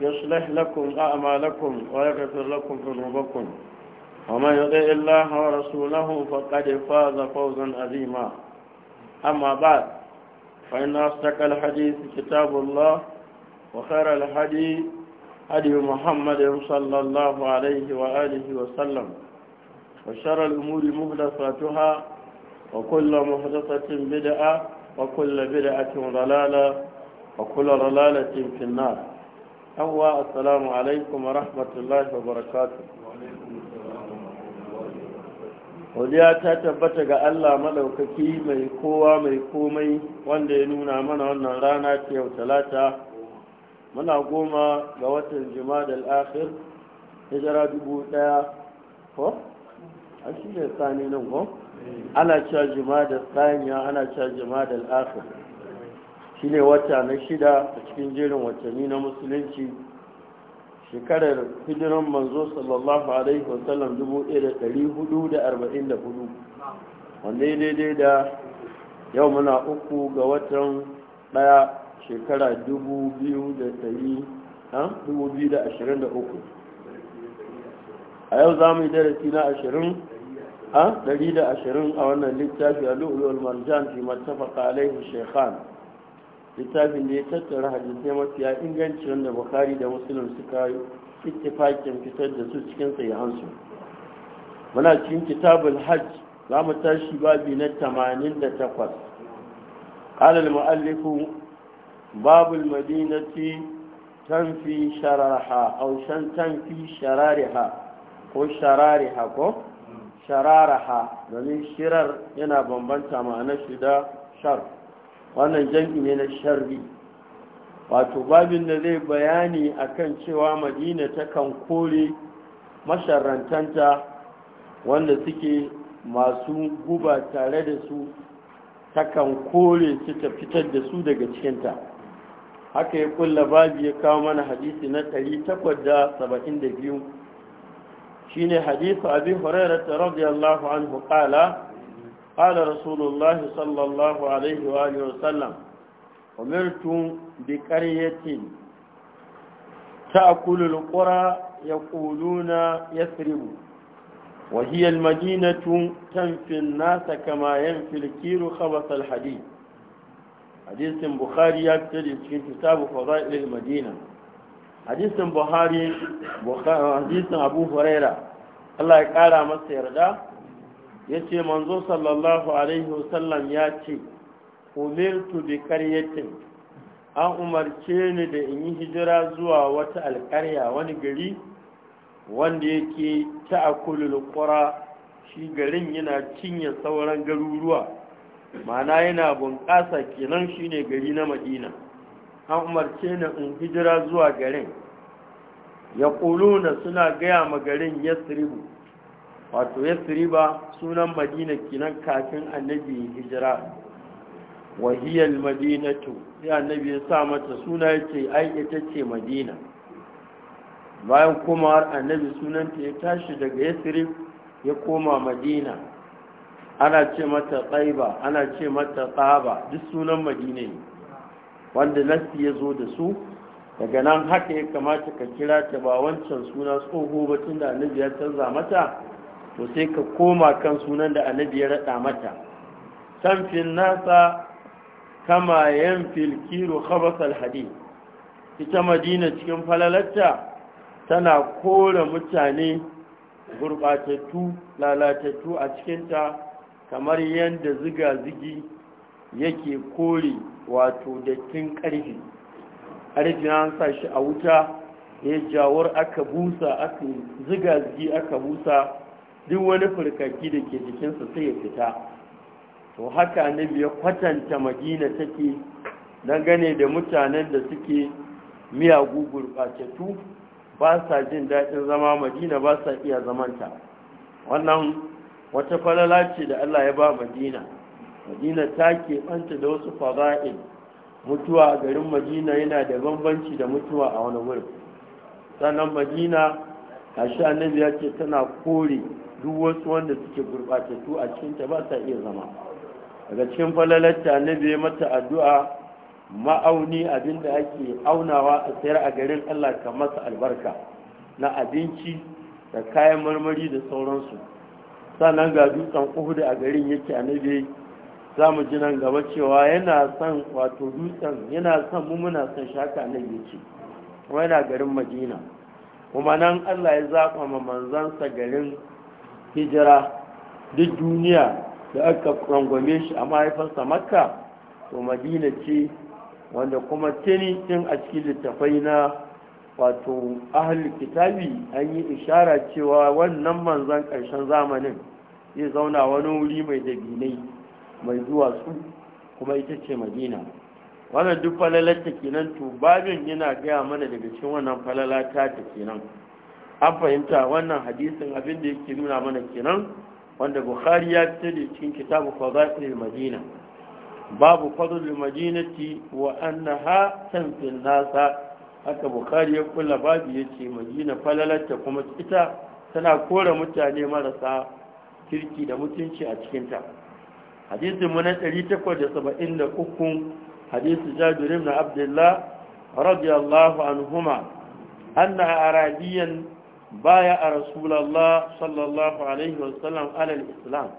يصلح لكم أعمالكم ويغفر لكم ذنوبكم ومن يطع الله ورسوله فقد فاز فوزا عظيما أما بعد فإن أصدق الحديث كتاب الله وخير الحديث هدي محمد صلى الله عليه وآله وسلم وشر الأمور مهدفاتها وكل مهدفة بدعة وكل بدعة ضلالة وكل ضلالة في النار yawwa assalamu alaikum wa rahmatullahi wa barakatu wadiya ta tabbata ga Allah madaukaki mai kowa mai komai wanda ya nuna mana wannan rana ta yau talata muna goma ga watan jima'a al-akhir hijira dubu daya ko a shi ne sani nan ko ana cewa jima'a da tsaniya ana cewa jima'a da al-akhir shi ne wata na shida a cikin jerin watanni na musulunci shekarar hijiran manzo sallallahu alaihi wasallam 1444 wanda ya daidai da yau muna uku ga watan daya shekara 2023 a yau za mu yi darasi na 20 a 120 a wannan littafi a lu'ulul marjan fi matafaka alaihi shekhan littafin da ya tattara hadisai mafiya inganci wanda bukari da musulun suka ittifakin fitar da su cikin sahihansu muna cikin kitabul hajj za mu tashi babi na 88 قال المؤلف باب المدينة تنفي شرارها أو شن تنفي شرارها ko sharariha ko hmm. shararaha domin shirar yana bambanta ma'anar shi da shar wannan jam'i ne na sharri wato babin da zai bayani akan cewa madina ta kan kore masharantanta wanda suke masu guba tare da su ta kan kore su ta fitar da su daga cikinta haka ya kulla babi ya kawo mana hadisi na 872 shine hadisi abi hurairah radiyallahu anhu qala قال رسول الله صلى الله عليه وآله وسلم أمرت بقرية تأكل القرى يقولون يثرب وهي المدينة تنفي الناس كما ينفي الكير خبث الحديد حديث بخاري يبتدي في كتاب فضائل المدينة حديث بخاري حديث أبو هريرة الله يقال مسير ده ya ce manzo sallallahu alaihi wasallam ya ce umirtu bi karyatin an umarce ni da in yi hijira zuwa wata alkarya wani gari wanda yake ta'akulul qura shi garin yana cinye sauran garuruwa mana yana bunƙasa kenan shine gari na madina an umarce ni in hijira zuwa garin ya suna gaya ma garin yasribu wato Yasiriba sunan madina kinan kafin annabi hijira wahiyar madinatu ya annabi ya sa mata suna yace ai ita ce madina bayan kuma har annabi sunanta ya tashi daga yasrib ya koma madina ana ce mata tsaiba ana ce mata tsaba duk sunan madina ne wanda nasi ya zo da su daga nan haka ya kamata ka kira ta ba wancan suna tsoho batun da annabi ya canza mata to sai ka koma kan sunan da annabi ya raɗa mata fil nasa kama yan filkiru al hadi ita madina cikin falalatta tana kore mutane gurbatattu lalatattu a cikinta kamar yadda ziga-zigi yake kore wato dattin ƙarfi ƙarfi an sa shi a wuta ya jawar aka busa aka ziga-zigi aka busa duk wani furkaki da ke jikinsa sai ya fita to haka annabi ya kwatanta madina take gane da mutanen da suke miyagu gurɓatattu ba sa jin daɗin zama madina ba sa iya zamanta wannan wata falala ce da allah ya ba madina madina ta keɓanta da wasu fara'in mutuwa a garin madina yana da bambanci da mutuwa a wani wurin sannan madina a sha annabi ya ce tana kore duk wasu wanda suke gurɓatattu a cikinta ba sa iya zama daga cikin falalarta annabi ya mata addu'a ma'auni abinda ake aunawa a sayar a garin Allah ka masa albarka na abinci da kayan marmari da sauransu sannan ga dutsen uhudu a garin yake annabi za mu ji nan gaba cewa yana son wato dutsen yana son mu muna son shaka annabi ce kuma yana garin madina kuma nan Allah ya zaɓa manzansa garin hijira duk duniya da aka rangwame shi a mahaifarsa makka to madina ce wanda kuma tani tun a cikin littafai na wato ahal kitabi an yi ishara cewa wannan manzan ƙarshen zamanin zai zauna wani wuri mai dabinai mai zuwa su kuma ita ce madina wannan duk falalar ta kenan to babin yana gaya mana daga cikin wannan falalata ta kenan an fahimta wannan hadisin abin da yake nuna mana kenan wanda bukhari ya fita da cikin kitabu fadailul madina babu fadlul madinati wa annaha tanfil nasa haka bukhari ya kula babu yace madina falalata kuma ita tana kore mutane marasa kirki da mutunci a cikinta hadisin mu na 873 hadisi jabir ibn abdullah radiyallahu anhuma anna arabiyan baya a rasulallah sallallahu alaihi wasallam alal islam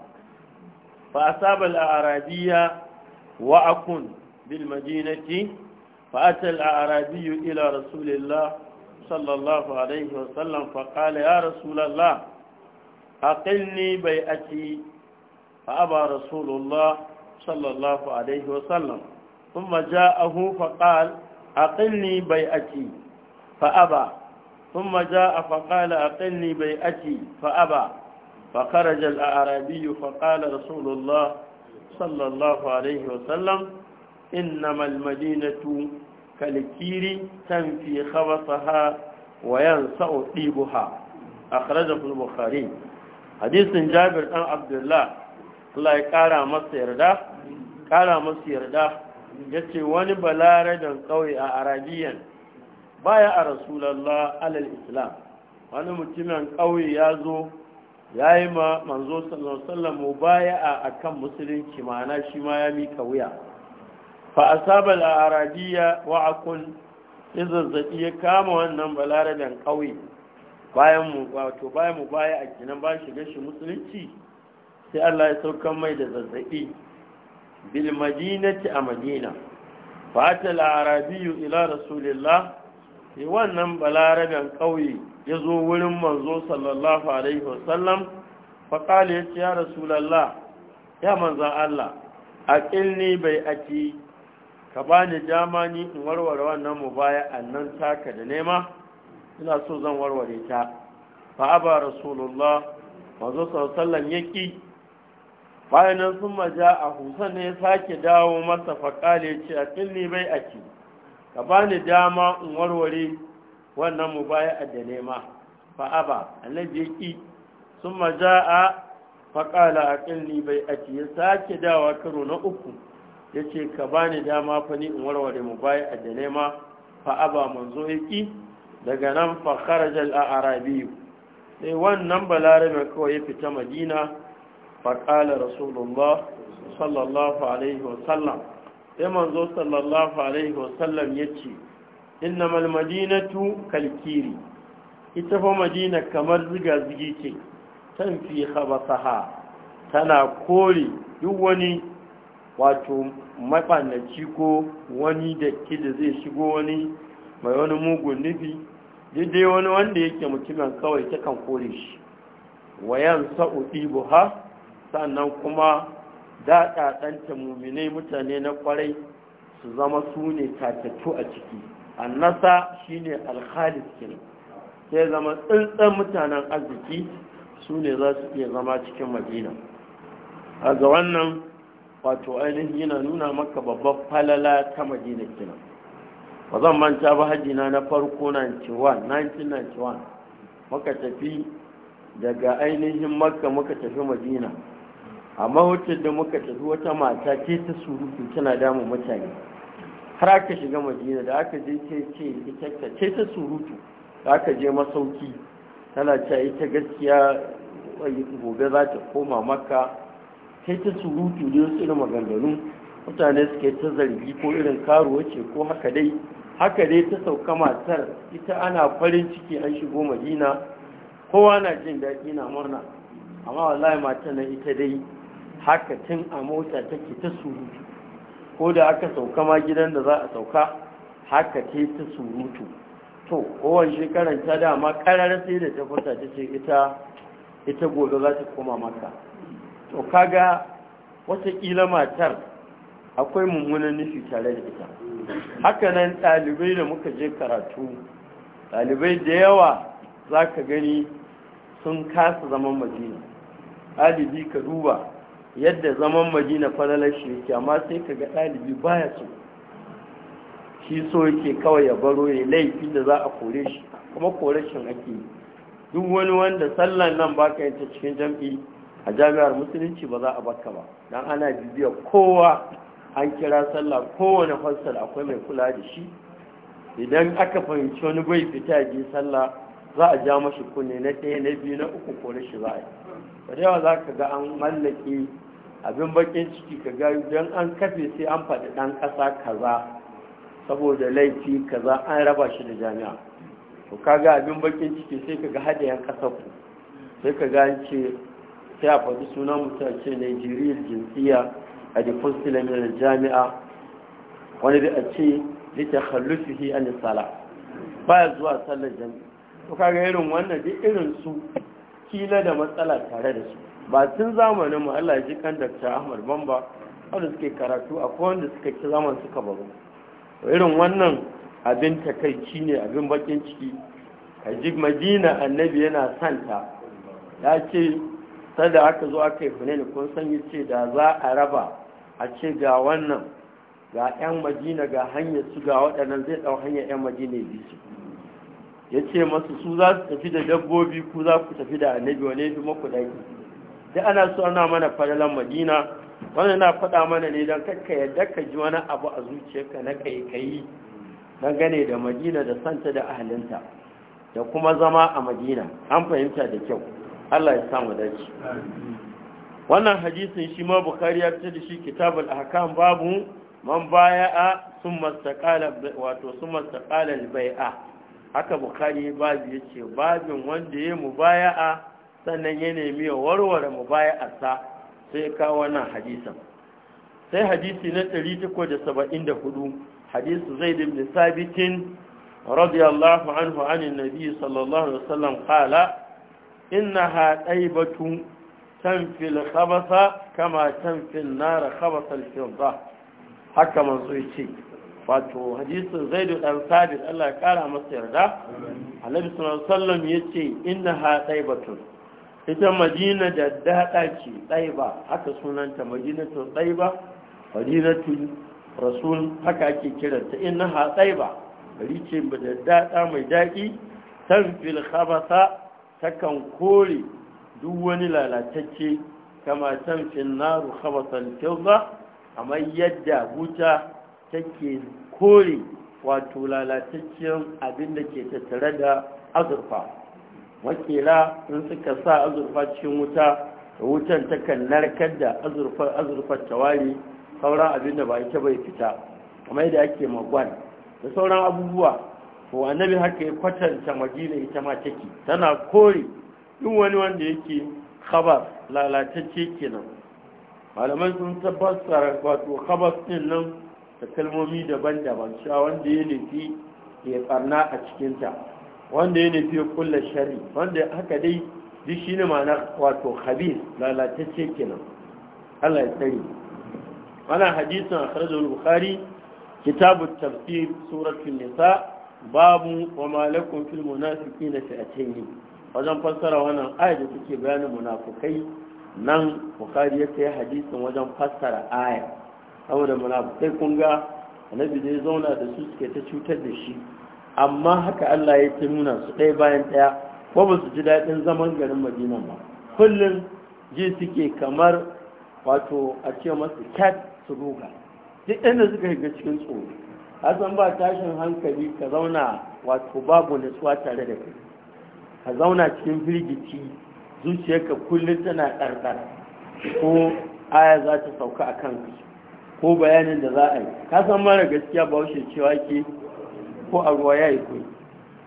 fa asaba al-arabiyya wa akun bil madinati fa ata al-arabiyyu ila rasulillah sallallahu alaihi wasallam fa qala ya rasulallah aqilni bai'ati fa aba rasulullah sallallahu alaihi ثم جاءه فقال أقلني بيعتي فأبى ثم جاء فقال أقلني بيئتي فأبى فخرج الأعرابي فقال رسول الله صلى الله عليه وسلم إنما المدينة كالكير تنفي خبصها وينسأ طيبها أخرجه البخاري حديث جابر بن عبد الله الله يقارى مصير ده قارى مصير ده yace wani balaradan kauye a arabiyan baya a rasulallah alal islam wani mutumin ƙauye ya zo ya yi ma manzo sallallahu mu baya a akan musulunci ma'ana shi ma ya mika wuya fa asaba al-aradiya wa akul izazzabi ya kama wannan balarabin ƙauye bayan mu wato bayan mu baya a kinan ba shiga shi musulunci sai Allah ya sauka mai da zazzabi bil madinati a madina fa al arabiyu ila rasulillah Eh, wannan balaraben ƙauye ya zo wurin manzo sallallahu alaihi wasallam faƙali ya ce ya rasulallah ya manzan Allah a ƙilni bai aki ka ba ni dama ni in warware wannan mu baya annan taka da nema ina so zan warware ta fa aba rasulullah manzo sallallahu ya ƙi bayan sun maja a husan ne ya sake dawo masa faƙali ya ce a ƙilni bai aki ka ba ni dama in warware wannan mu baya da nema fa'aba annabi ya sun maja a faƙala a ƙilni bai ati ya sake dawa karo na uku yace ce ka ni dama fani in warware mu baya da nema fa'aba manzo yake daga nan fa fakharajal a arabiyu sai wannan balarabe kawai ya fita madina faƙala rasulullah sallallahu alaihi wasallam sai manzo sallallahu alaihi wasallam ya ce innamal madinatu kalkiri ita fa madina kamar ziga-zigi ce tan fi khabasaha tana kore duk wani wato mafanaci ko wani da da zai shigo wani mai wani mugun nufi Duk dai wani wanda yake mutumin kawai takan kore shi wayan sa'udi buha sannan kuma Da daɗaɗanta muminai mutane na kwarai su zama su ne a ciki annasa shine alkhalis kenan sai zama tsintsan mutanen arziki su ne za su iya zama cikin madina a ga wannan wato ainihin yana nuna maka babban falala ta madina kenan ba zan manta ba hajjina na farko 1991 muka tafi daga ainihin maka maka tafi madina amma hotel da muka tafi wata mata ce ta surutu tana damun mutane har aka shiga madina da aka je ce ce ita ce ta surutu da aka je masauki tana yi ita gaskiya gobe za ta koma maka ce ta surutu da wasu irin maganganu mutane suke ta zargi ko irin karuwa ce ko haka dai haka dai ta sauka matar ita ana farin ciki an shigo madina kowa na jin daɗi na murna amma wallahi matar na ita dai haka tun a mota take ta surutu ko da aka sauka ma gidan da za a sauka haka ce ta surutu to kowane shekaran ta dama karar sai da ta fita ta ce ita ita gobe za ta koma maka to kaga wataƙila matar akwai mummunan nufi tare da ita Haka nan, ɗalibai da muka je karatu ɗalibai da yawa za ka gani sun kasa zaman majina ɗalibi ka duba yadda zaman madina falalar shi yake amma sai ka ga ɗalibi baya so shi so yake kawai ya baro ya laifi da za a kore shi kuma kore shi ake yi duk wani wanda sallan nan baka ka ta cikin jam'i a jami'ar musulunci ba za a baka ba don ana bibiya kowa an kira sallah kowane fassara akwai mai kula da shi idan aka fahimci wani bai fita ji sallah za a ja mashi kunne na ɗaya na biyu na uku kore shi za a yi da yawa za ka ga an mallake abin bakin ciki ka gayu don an kafe sai an faɗi ɗan ƙasa kaza saboda laifi kaza an raba shi da jami'a to kaga abin bakin ciki sai haɗe yan ƙasa ku sai ga ce sai a faɗi sunan mutace ce nigeria jinsiya a difus da jami'a wani da a ce yake hallufihi an sala baya zuwa sallar jami'a to kaga irin wannan duk irin su kila da matsala tare da su ba tun zamanin mu Allah ji kan Dr. Ahmad Bamba wanda suke karatu a wanda suka ci zaman suka baro irin wannan abin takaici ne abin bakin ciki ka ji Madina annabi yana santa ya ce da aka zo aka yi ne kun san yace da za a raba a ce ga wannan ga 'yan madina ga hanyar su ga waɗannan zai ɗau hanyar 'yan madina bi su ya ce masu su za su tafi da dabbobi ku za ku tafi da annabi wane fi maku daki da ana so ana mana fadalan madina wanda na faɗa mana ne don kakka yadda ka ji wani abu a zuciyarka na kai kai don gane da madina da santa da ahalinta da kuma zama a madina an fahimta da kyau allah ya samu dace wannan hadisin shi ma bukari ya fita da shi kitabul ahkam babu man baya summa istaqala wato summa istaqala baia haka bukari babu yace babin wanda ya mubaya'a sannan ya nemi ya warware mu baya asa sai ka wannan hadisan sai hadisi na 374 hadisu zaid ibn sabitin radiyallahu anhu anin nabi sallallahu alaihi wasallam qala innaha taibatu tanfi al-khabasa kama tanfi an-nar khabasa al-fidda haka manzo yace wato hadisin zaidu dan sabit Allah ya kara masa yarda annabi sallallahu alaihi wasallam yace innaha taibatun ita madina da daɗa ce ba haka sunanta madinatu ba madinatu rasul haka ake kiranta ina ha ba gari ce da daɗa mai daɗi tan fil khabasa takan kore duk wani lalatacce kama tan fil naru khabasan amma yadda wuta take kore wato lalataccen abin da ke tattare da azurfa Maƙera in suka sa azurfa cikin wuta da wutan takan narkar da azurfar azurfar tawari sauran abinda da ba ita bai fita kamar da ake magwan da sauran abubuwa to annabi haka ya kwatanta madina ita ma take tana kore duk wani wanda yake khabar lalatacce kenan malaman sun tabbatar wato khabar din nan da kalmomi daban-daban cewa wanda ya nufi ya tsarna a cikinta wanda ya nufi kulla shari wanda haka dai duk shi ne mana wato habis lalatacce kenan Allah ya tsari wannan hadisin akhrajul bukhari kitabut tafsir suratul nisa babu wa malakum fil munafiqina fi'atayn wajen fassara wannan aya da take bayanin munafukai nan bukhari ya kai hadisin wajen fassara aya saboda munafukai kun ga annabi da zauna da su suke ta cutar da shi amma haka Allah ya ta nuna su ɗaya bayan ɗaya ko ba su ji daɗin zaman garin Madina ba kullum ji suke kamar wato a ce masu cat su ruga duk inda suka shiga cikin tsoro san ba tashin hankali ka zauna wato babu nutsuwa tare da kai ka zauna cikin firgici zuciyarka kullum tana ɗarɗar ko aya za ta sauka a kanka ko bayanin da za a yi ka san mara gaskiya ba cewa ke ko a ruwa ya yi kwai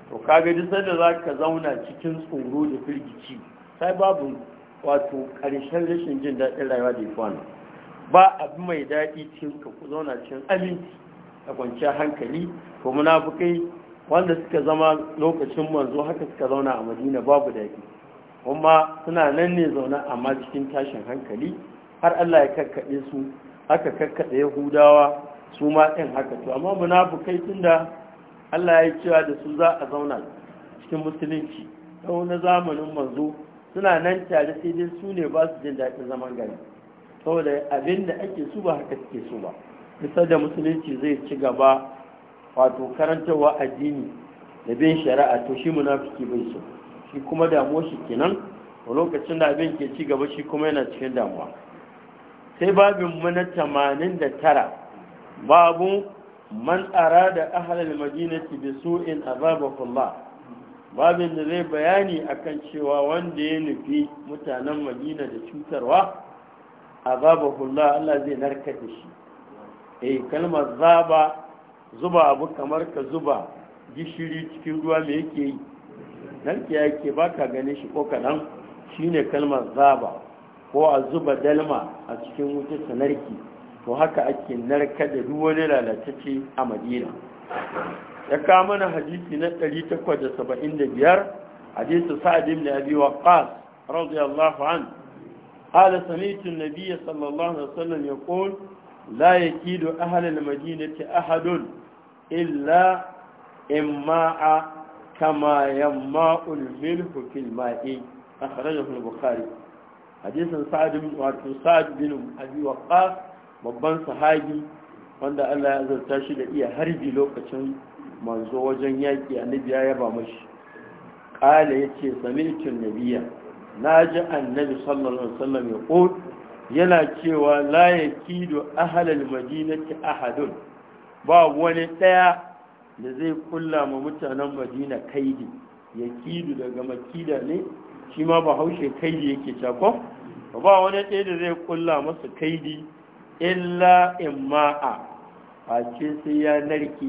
to kaga duk sanda za ka zauna cikin tsoro da firgici sai babu wato karshen rashin jin daɗin rayuwa da ya ba abu mai daɗi cikin ka ku zauna cikin aminci a kwanciyar hankali ko munafukai wanda suka zama lokacin manzo haka suka zauna a madina babu daɗi kuma suna nan ne zaune amma cikin tashin hankali har Allah ya kakkaɗe su aka kakkaɗe yahudawa su ma ɗin haka to amma munafukai tunda Allah ya cewa da su za a zauna cikin musulunci ta na zamanin manzo suna nan tare sai dai su ne ba su jin daɗin zaman gari saboda abin da ake su ba haka suke so ba bisa da musulunci zai ci gaba wato karantarwa addini da bin shari'a to shi munafiki bai so shi kuma damuwa shi kenan a lokacin da abin ke ci gaba shi kuma yana cikin damuwa sai babin mu na tamanin da tara babu man arada ahlal madinati bi su'in azabahullah babin da zai bayani akan cewa wanda ya nufi mutanen madina da cutarwa azabahullah Allah zai narka da shi eh kalmar zaba zuba abu kamar ka zuba gishiri cikin ruwa me yake yi narke yake baka ganin shi ko kadan shine kalmar zaba ko a zuba dalma a cikin wutar sanarki to haka ake narka da duk wani a madina ya kawo mana hadisi na 875 hadisi sa'adim da abi waqas radiyallahu an qala sami'tu an sallallahu alaihi wasallam yaqul la yakidu ahli al-madinati ahadun illa imma kama yamma'ul milh fil ma'i akhrajahu al-bukhari hadisi sa'ad bin wa'ad bin abi waqas babban sahabi wanda Allah ya zarta shi da iya harbi lokacin manzo wajen yaƙi nabiya ya ba mashi ƙala ya ce ikin nabiya na ji annabi sallallahu alaihi wasallam ya ƙo yana cewa la yakidu ahlal madinati ahadun ba wani ɗaya da zai kulla ma mutanen madina kaidi kido daga makida ne shi ma haushe kaidi yake cakon ba wani ɗaya da zai kulla masa kaidi illa imma'a a ce sai ya narke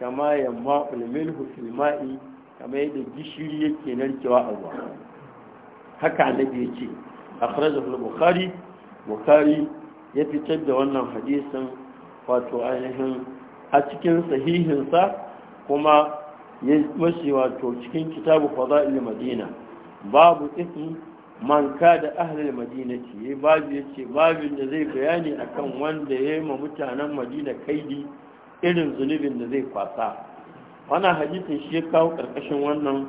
kama yamma ulmin husulma'i kama yadda gishiri yake narkewa a ruwa haka annabi ya ce akhrajahu al-bukhari bukhari ya fitar da wannan hadisin wato ainihin a cikin sahihinsa kuma ya mashi wato cikin kitabu fada'il madina babu ismi Manka ka da ahlul madinati ya babu ya ce babin da zai bayani akan wanda ya yi ma mutanen madina kaidi irin zunubin da zai kwasa wannan hadisin shi ya kawo karkashin wannan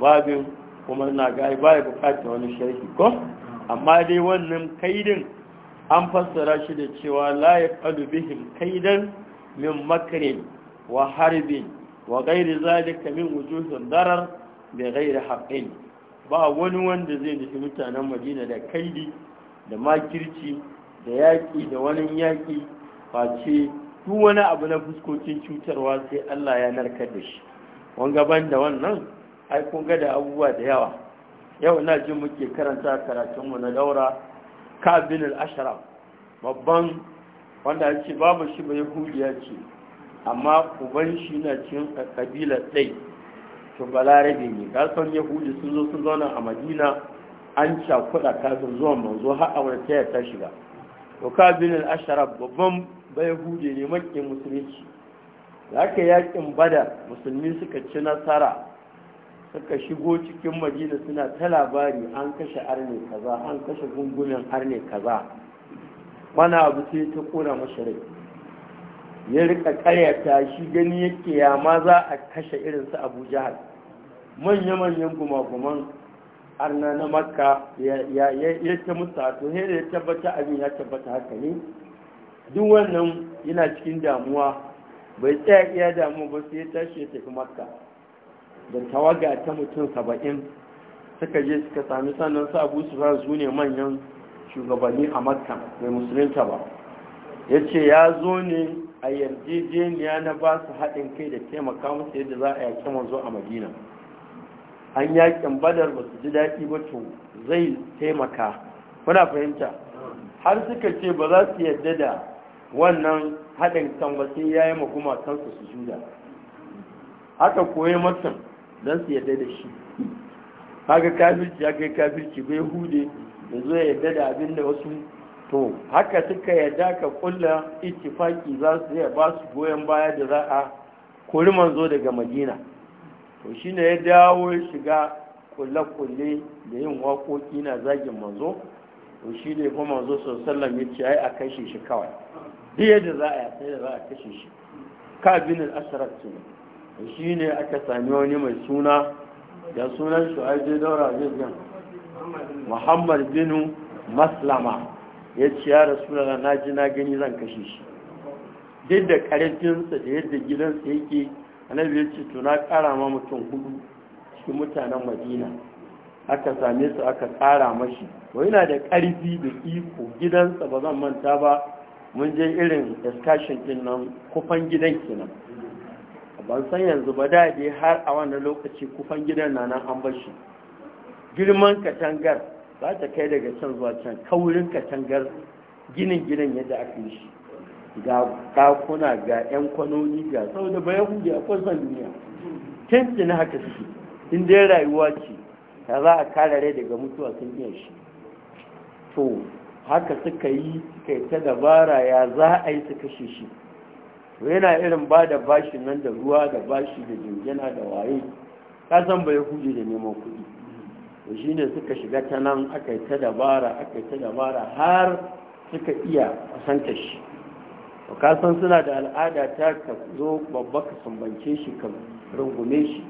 babin kuma na ga ba ya bukata wani sharhi ko amma dai wannan kaidin an fassara shi da cewa la yaqalu bihim kaidan min makrin wa harbin wa ghairi zalika min wujuhin darar bi ghairi haqqin ba wani wanda zai nufi mutanen madina da kaidi da makirci da yaƙi da wani yaƙi Ba ce duk wani abu na fuskocin cutarwa sai Allah ya narkar da shi wani gaban da wannan ai gada abubuwa da yawa yau na jin muke karanta karatunmu na daura kabin al'ashara babban wanda ya ce babu shi ba yahudiya ce amma uban shi na cin kabila ɗai to balarabe ne ka yahudi sun zo sun zauna a madina an kuɗa kafin zuwan manzo har a wani tayar ta shiga to bin al-asharaf babban bayahudi ne makin musulunci da aka yakin bada musulmi suka ci nasara suka shigo cikin madina suna ta labari an kashe arne kaza an kashe gungumin arne kaza mana abu sai ta kona mashirai ya rika karyata shi gani yake ya ma za a kashe irinsu abu jihar manya-manyan gumaguman arna na makka ya ce musu hato da ya tabbata abin ya tabbata haka ne duk wannan yana cikin damuwa bai tsaya iya damu ba sai ya tashi ya tafi makka da tawaga ta mutum saba'in suka je suka sami sannan su abu su fara su ne manyan shugabanni a makka mai musulunta ba ya ce ya zo ne a yarjejeniya na ba su haɗin kai da taimaka musu yadda za a yaƙi manzo a madina an yakin badar ba su ji daɗi ba to zai taimaka kuna fahimta har suka ce ba za su yadda da wannan haɗin kan ba sai ya yi maguma kansu su juda haka koyi mutum don su yadda da shi haka kafirci ya kai kafirci bai hude da zo yadda da abin da wasu to haka suka yadda ka kulla ittifaki za su ba su goyon baya da za a kori manzo daga madina to shi ne ya dawo shiga kulle-kulle da yin waƙoƙi na zagin manzo to shi ne kuma manzo sosallam ya ce a kashe shi kawai biye da za a sai da za a kashe shi kabinin asharar su ne to shi ne aka sami wani mai suna da sunan shi a zai daura muhammad binu maslama ya ce ya rasu da na ji na gani zan kashe shi duk da karfinsa da yadda gidansa yake annabi ya ce to na ƙara ma mutum hudu cikin mutanen madina aka same su aka kara mashi to yana da ƙarfi da iko gidansa ba zan manta ba mun je irin excursion din nan kufan gidan kenan ban san yanzu ba da har a wannan lokaci kufan gidan na nan an bar shi. girman katangar za ta kai daga can zuwa can kaurin katangar ginin gidan yadda aka yi shi ga ɗakuna ga 'yan kwanoni ga saboda bayan hujji a kwasan duniya tenti na haka suke inda ya rayuwa ce ta za a kare daga mutuwa sun iya shi to haka suka yi suka yi ta dabara ya za a yi su kashe shi to yana irin ba da bashi nan da ruwa da bashi da jingina da waye kasan bayan hujji da neman kuɗi to shi ne suka shiga ta nan aka yi ta dabara aka yi ta dabara har suka iya kusanta shi to suna da al'ada ta ka zo babba ka sumbance shi ka rungume shi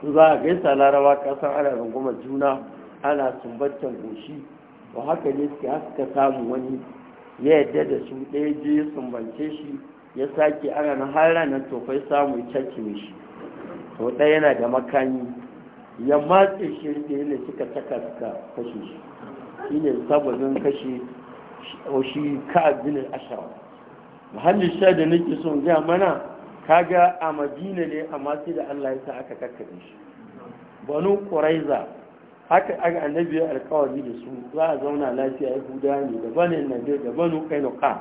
su za a gaisa larawa ka san ana rungumar juna ana sumbantar goshi to haka ne suke haka samu wani ya yadda da su ɗaya je sumbance shi ya sake ana na hara nan tofai samu cakkime shi to ɗaya yana da makami ya matse shi da ne suka taka suka kashe shi shi ne sabazin kashe shi ka abinin ashawa mahallin sha da nake son gaya mana kaga a madina ne amma sai da allah ya sa aka kakkaɓe shi banu ƙuraiza haka aka annabi alkawari da su za a zauna lafiya ya yahuda ne da banin nadir da banu kainuka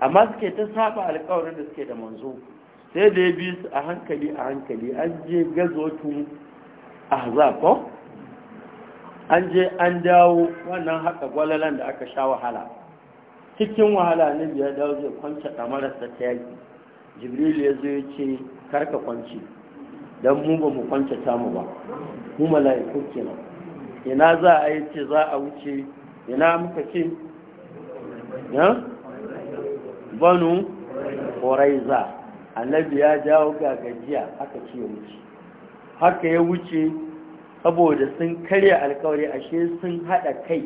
amma suke ta saba alkawarin da suke da manzo sai da ya bi su a hankali a hankali an je gazotu a hazafon an je an dawo wannan haka gwalalan da aka sha wahala cikin wahala ne ya dawo zai kwance kamararsa ta yaki jibril ya zo ya ce karka kwance don mu ba mu ta mu ba mu mala'iku kenan ina za a yi ce za a wuce ina muka ce ya banu horaiza annabi ya jawo gajiya aka ce ya wuce haka ya wuce saboda sun karya alkawari ashe sun haɗa kai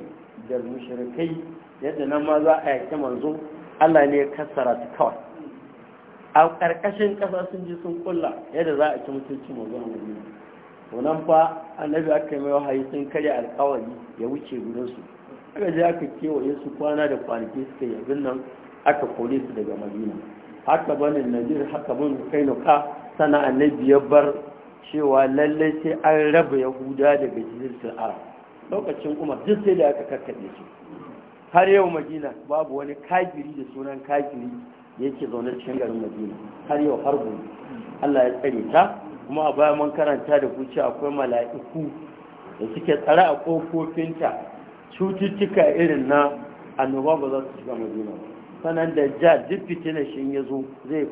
da mushrikai yadda nan ma za a yaki manzo Allah ne ya kassara ta kawai a ƙarƙashin ƙasa sun ji sun kulla yadda za a ci mutunci manzo a wani wannan fa annabi aka yi mai wahayi sun karya alƙawari ya wuce gurinsu aka je aka kewaye su kwana da kwanaki suka yi abin nan aka kore su daga madina haka banin najir haka bin kainuka sana annabi ya bar cewa lallai sai an raba yahuda daga jirgin arab lokacin kuma duk sai da aka karkaɗe su har yau madina babu wani kafiri da sunan kafiri da yake zaune cikin garin madina har yau har gobe Allah ya tsare ta kuma a baya mun karanta da ku cewa akwai mala'iku da suke tsare a kofofinta cututtuka irin na annoba ba za su shiga madina sanan da ja duk fitina shi ya zo zai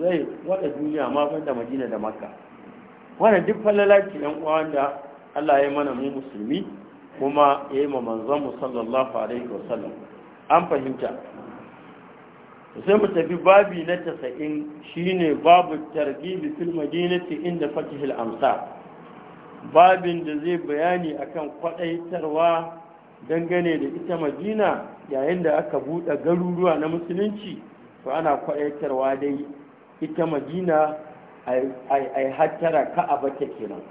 zai wada duniya ma da madina da makka wannan duk falala ce yan uwa da Allah ya yi mana mu musulmi kuma ya yi ma manzanmu sallallahu alaihi wasallam an fahimta sai mu tafi babi na tasa'in shine babu targibi fil madinati inda al amsa babin da zai bayani akan kwadaitarwa dangane da ita madina yayin da aka buɗe garuruwa na musulunci to ana kwadaitarwa dai ita madina ai hattara ka'aba ta kenan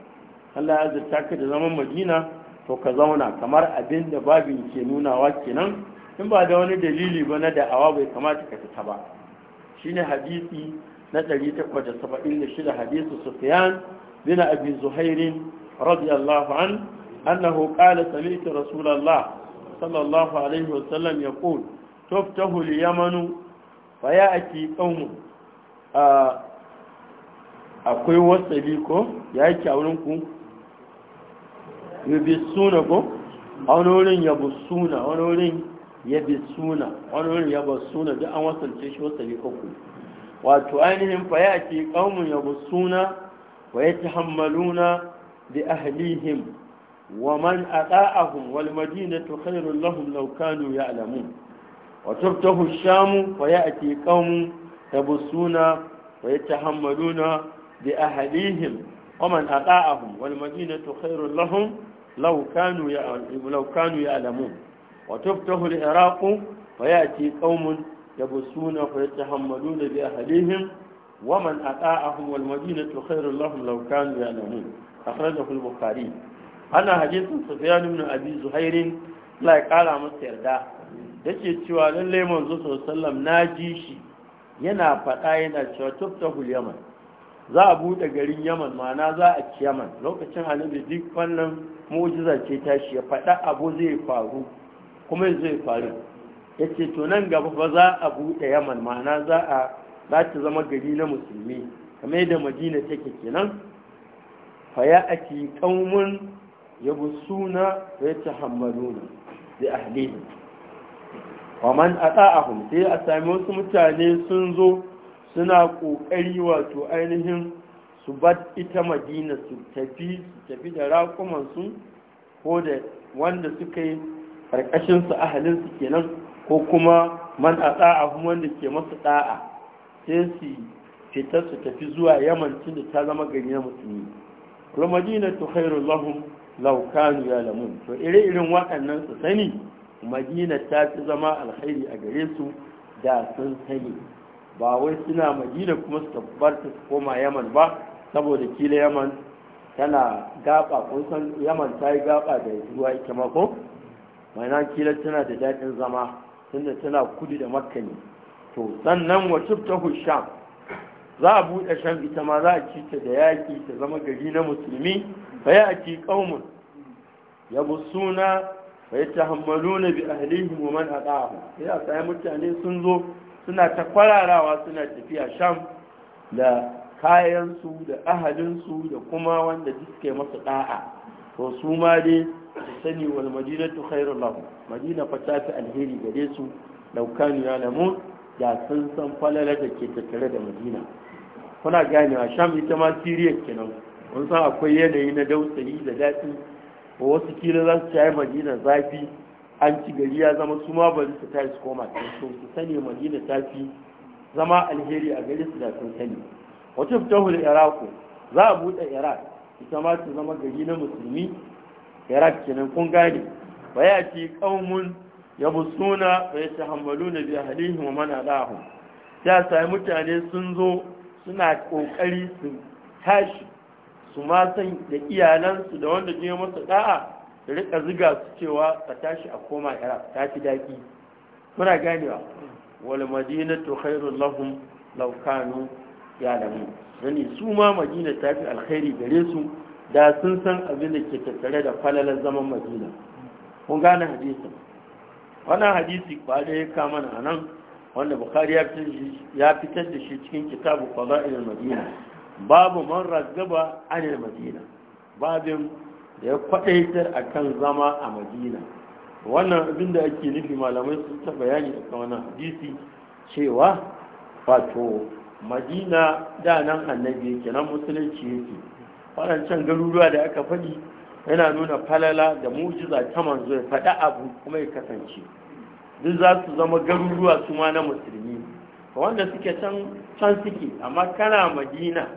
Allah ya zata ka da zaman madina to ka zauna kamar abin da babin ke nunawa kenan in ba da wani dalili ba na da'awa bai kamata ka fita ba shine hadisi na 876 hadisu sufyan bin abi zuhair radiyallahu an annahu qala sami'tu rasulullah sallallahu alaihi wasallam yaqul tuftahu al-yaman fa ya'ti qaumun ah, akwai wasali ko yake a wurin ku yubissuna ko a wani wurin yabussuna wani wurin duk an wasance shi wato ainihin fa ya ce qaumun yabussuna wa yatahammaluna wa man ata'ahum wal madinatu khairul lahum law kanu ya'lamun wa tuftahu shamu fa ya'ti qaumun wa yatahammaluna bi ahlihim ومن أطاعهم والمدينة خير لهم law kanu ya alamun wa tuftahu al-iraqu fa ya'ti qaumun yabsuna fa yatahammaluna bi ahlihim wa man ata'ahum wal madinatu khairul lahum law kanu ya'lamun akhrajahu al-bukhari ana hadisin sufyan ibn abi zuhair masa yarda yake cewa lallai manzo sallallahu alaihi wasallam naji shi yana faɗa yana cewa tuftahul yaman za a buɗe garin yaman mana za a ci yaman lokacin annabi duk wannan mu'jiza ce ta shi ya faɗa abu zai faru kuma zai faru ya ce to nan gaba ba za a buɗe yaman mana za a za zama gari na musulmi kamar da madina take kenan fa ya ake kaumun ya bu suna ya ta hammaluna da ahlihi wa man ata'ahum sai a sami wasu mutane sun zo suna ƙoƙari wato ainihin su bar ita madina su tafi tafi da raƙumansu ko da wanda suka yi ƙarƙashinsu ahalinsu kenan ko kuma man a ɗa'a wanda ke masu ɗa'a sai su fita su tafi zuwa yamancin da ta zama gari na musulmi madina tu khairu lahum law kanu ya'lamun to ire irin waɗannan su sani madina ta fi zama alkhairi a gare su da sun sani ba wai suna madina kuma su bar ta koma yaman ba saboda kila yaman tana gaba kun san yaman ta yi gaba da ruwa ita mako mana kila tana da daɗin zama tunda tana kudi da makka ne to sannan wa tuftahu sham za a buɗe shan ita ma za a ci ta da yaƙi ta zama gari na musulmi fa ya aki ya ta fa na bi ahlihim wa man ata'ahum sai a sai mutane sun zo suna ta kwararawa suna tafiya sham da kayansu da ahalinsu da kuma wanda suke masa da'a to su ma dai su sani wal madinatu khairul lahum madina fa alheri gare su laukanu ya lamu da sun san falala da ke tattare da madina kuna ganewa sham ita ma siriyar kenan kun akwai yanayi na dausayi da daɗi wasu kila za su ci madina zafi an ci gari ya zama su ma ba su tashi koma so su sani madina ta fi zama alheri a gari su da sun sani wata fitahul iraq za a buɗe iraq ita ma su zama gari na musulmi iraq kenan kun gane ba ya ce kaumun ya busuna ba ya ta hambalu na biya halihin wa mana ya sai mutane sun zo suna kokari su tashi su ma san da iyalansu da wanda je masa da'a rika ziga su cewa ka tashi a koma ira ta fi daki muna ganewa wal madinatu khairul lahum law kanu ya'lamun yani su ma madina ta fi alkhairi gare su da sun san abin da ke tattare da falalar zaman madina kun gane hadisi wannan hadisi ba da ya kama na nan wanda bukari ya fitar da shi cikin kitabu qada'il madina babu man ragaba anil madina babin ya a kan zama a madina wannan abin da ake nufi malamai sun ta bayani a kan hadisi cewa wato madina da nan annabi yake nan musulunci yake waɗancan garuruwa da aka faɗi yana nuna falala da mujiza ta manzo ya faɗi abu kuma ya kasance duk za su zama garuruwa su ma na musulmi wanda suke can can suke amma kana madina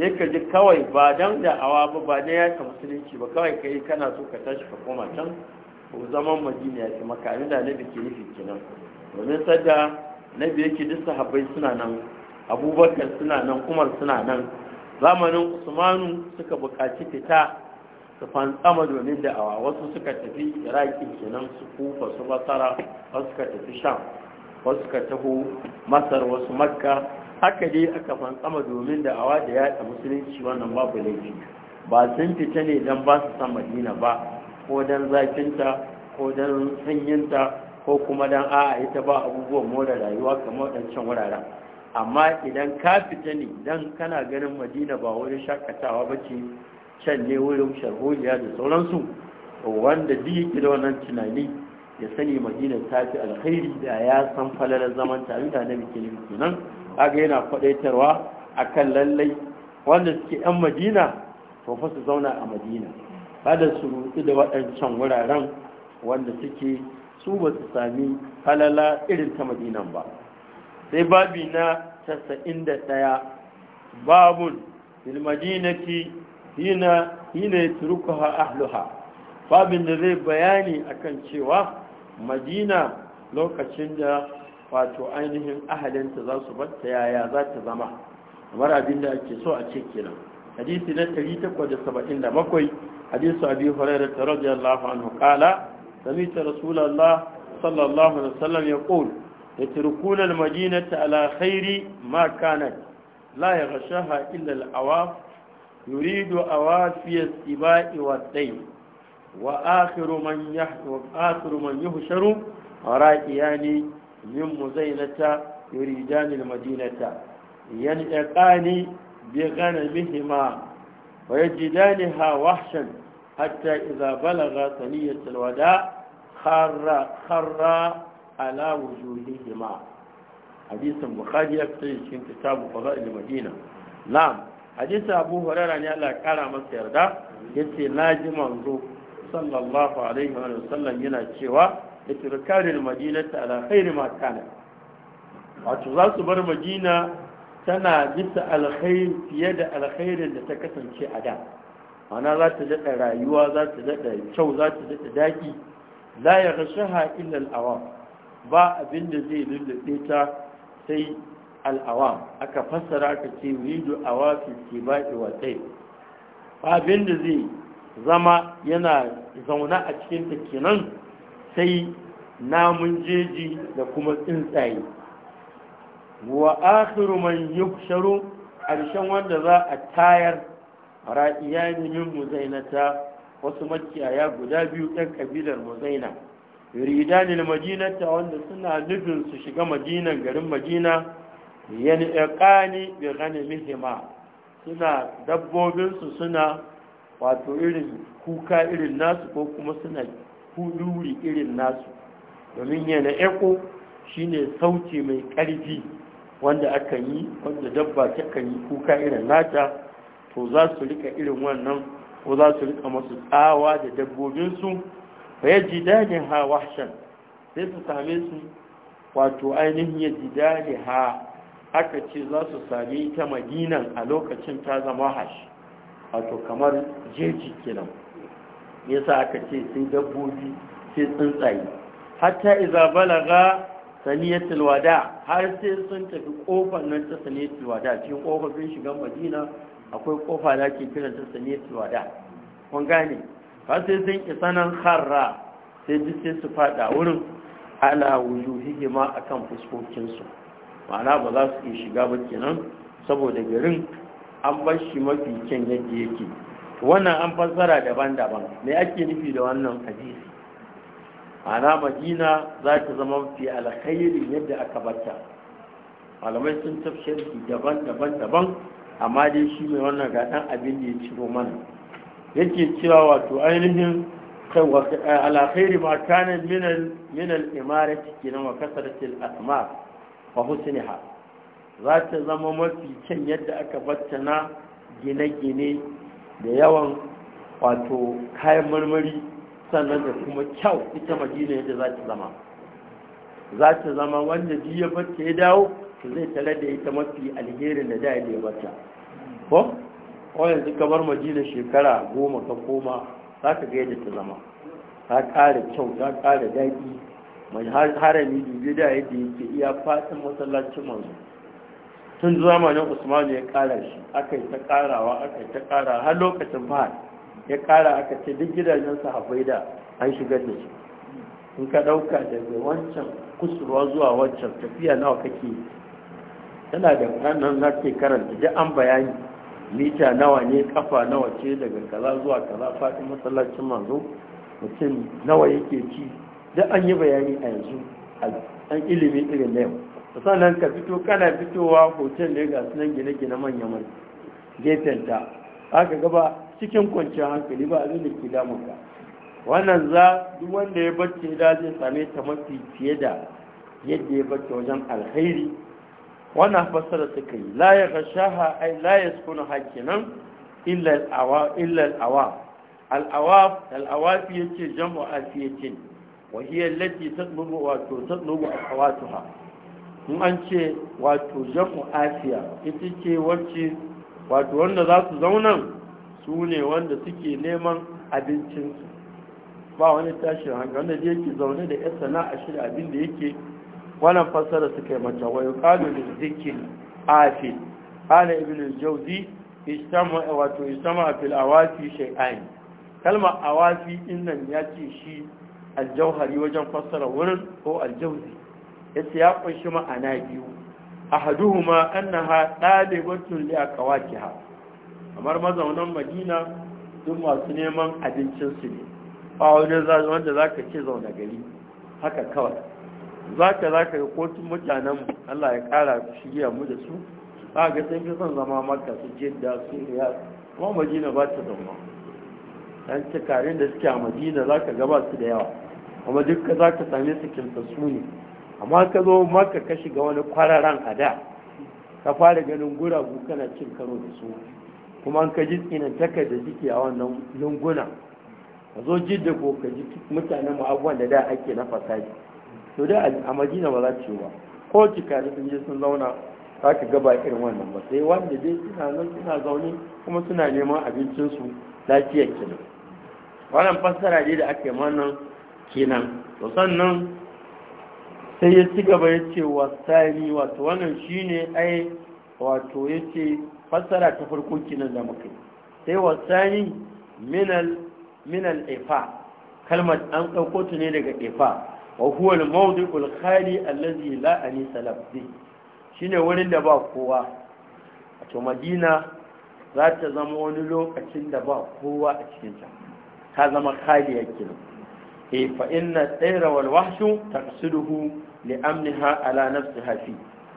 sai ka ji kawai ba dan da awa ba ba ne ya ka musulunci ba kawai ka yi kana so ka tashi ka koma can ko zaman madina ya fi maka da ke nufi nan domin sadda nabi yake duk sahabbai suna nan abubakar suna nan umar suna nan zamanin usmanu suka buƙaci fita su fantsama domin da'awa wasu suka tafi iraki nan su kufa su basara wasu suka tafi sham wasu suka taho masar wasu makka haka dai aka fantsama domin da awa da yaɗa musulunci wannan babu laifi ba sun fita ne don ba su san madina ba ko don zafinta ko don sanyinta ko kuma don a'a ita ba abubuwan more rayuwa kamar waɗancan wuraren amma idan ka fita ne don kana ganin madina ba wurin shakatawa ba ce can ne wurin sharholiya da sauransu wanda duk da wannan tunani ya sani madina ta fi alkhairi da ya san falalar zaman tare da na bikin kenan kaga yana a akan lallai wanda suke yan madina to fa su zauna a madina Bada su rutu da waɗancan wuraren wanda suke su ba su sami halala irin ta madinan ba sai babi na ɗaya, babun fil madinati hina hina turkuha ahluha babin da zai bayani akan cewa madina lokacin da wato ainihin ahalinta za su bar ta yaya za ta zama kamar abinda ake so a cikin hadisi na 877 hadisu abi hurairu ta radiyallahu anhu qala sami'tu rasulullah sallallahu alaihi wasallam yaqul yatrukuna almadinata ala khairi ma kanat la yaghashaha illa alawaf yuridu awafi yasiba'i wa tayy wa akhiru man yahdhu akhiru man yuhsharu ara'iyani من مزينة يريدان المدينة ينعقان بغنمهما ويجدانها وحشا حتى إذا بلغ ثنية الوداء خر خر على وجوههما حديث البخاري في كتاب فضائل المدينة نعم حديث أبو هريرة أن الله قال ما سيرد يتي ناجي منذ صلى الله عليه وسلم ينا da madina ta ala khairi ma kana wato za su bar madina tana bisa alkhairi fiye da alkhairin da ta kasance a da mana za ta daɗa rayuwa za ta daɗa kyau za ta daɗa daki la ya rashaha illa al'awam ba abin da zai lullube ta sai al'awam aka fassara aka ce rido awafi ke ba'i wa ba abin da zai zama yana zauna a cikin ta kenan sai namun jeji da kuma tsuntsaye wa akhiru man yuksharu ƙarshen wanda za a tayar ra'iyani min muzainata wasu makiyaya guda biyu ɗan ƙabilar muzaina na madinata wanda suna nufin su shiga madinan garin madina yani iqani bi ghanimihima suna dabbobinsu suna wato irin kuka irin nasu ko kuma suna huduri irin nasu domin yana eko shine sauti mai ƙarfi wanda aka yi wanda dabba ta kan yi kuka irin nata to za su rika irin wannan ko za su rika masu tsawa da dabbobinsu fa ya ji ha wahshan sai su same su wato ainihin ya ji ha aka ce za su same ta madinan a lokacin ta zama hash wato kamar jeji kenan ya sa aka ce sun dabbobi sai tsuntsaye hatta iza balaga saniyatul wada har sai sun tafi kofar nan ta saniyatul wada cikin kofofin shiga madina akwai kofa da ke kiran ta saniyatul wada kun gane har sai sun isa nan harra sai duk sai su fada wurin ala ma akan fuskokin su ma'ana ba za su iya shiga ba kenan saboda garin an bar shi mafi kyan yadda yake wannan an fassara daban-daban me ake nufi da wannan hadisi ana madina za ta zama mafi alkhairin yadda aka bata malamai sun su daban-daban-daban amma dai shi mai wannan ga dan abin da ya ciro mana yake cewa wato ainihin eh, alkhairi ma kana min al-imarati kenan wa kasrati asma wa husniha za ta zama mafi kyan yadda aka bata na gine-gine da yawan wato kayan marmari sannan da kuma kyau ita madina yadda za ta zama za ta zama wanda ji ya ya dawo to zai tare da ita mafi alherin da da ya bata ko ko yanzu kamar madina shekara goma ka koma za ka gaida ta zama ta ƙara kyau ta ƙara daɗi mai harami dubi da yadda yake iya fatan masallacin manzo tun zamanin usman ya kara shi aka yi ta karawa aka yi ta kara har lokacin fahad ya kara aka ce duk gidajen sahabai da an shigar da shi in ka dauka daga wancan kusurwa zuwa wancan tafiya nawa kake tana da ranar za ke karanta duk an bayani mita nawa ne kafa nawa ce daga kaza zuwa kaza fadin masallacin manzo mutum nawa yake ci duk an yi bayani a yanzu an ilimi irin na yau sannan ka fito kana fitowa hotel ne ga sunan gine-gine manya mai gefenta aka gaba cikin kwanciyar hankali ba abin da ke damuka. wannan za duk wanda ya bacci da zai same ta mafi fiye da yadda ya bacci wajen alkhairi wannan fassara suka yi la ya gashaha ai laye su sukuna hakinan illa al'awa illa a fiye in an ce wato jamu asiya ita ce wacce wato wanda za su zaunan su ne wanda suke neman abincinsu ba wani tashin hankali wanda zai yake zaune da yasa na a shirya abin da yake wannan fassara su kai mata wayo kano da zikin afi kano ibn jauzi istama wato istama fil awafi shay'ain Kalma awafi din nan ya ce shi aljauhari wajen fassara wurin ko aljauzi yace ya kunshi ma'ana biyu ahaduhuma annaha talibatun li aqwatiha kamar mazaunan Madina duk masu neman abincin su ne ba wani zai wanda zaka ce zauna gari haka kawai zaka zaka ga kotun mutanen Allah ya kara shigiya mu da su ba ga sai fi son zama Makka su Jidda su ya kuma Madina ba ta zama dan cikarin da suke a Madina zaka ga ba su da yawa kuma dukka zaka same su kimta amma ka zo maka ka shiga wani kwararan a da ka fara ganin guragu kana cin karo da su kuma ka ji takar da jiki a wannan lunguna a zo ji da ka ji mutanen mu da da ake na fasaji to da a madina ba za ce ba ko cika da sun je sun zauna za ka gaba irin wannan ba sai wanda dai suna nan suna zaune kuma suna neman abincinsu lafiyar kenan wannan fassara ne da ake manan kenan to sannan sai ya ci gaba ya ce wasani wato wannan ne ai wato ya ce fassara ta farko kinan da muka sai wasani minal minal ifa kalmar an ɗauko ta ne daga efa. wa huwa Maudu mawdiul khali allazi la anisa labdi shine wurin da ba kowa wato madina za ta zama wani lokacin da ba kowa a cikinta, ta zama khali yake ne eh, fa inna tsayra wal wahshu taqsiduhu ha ala nafsi hafi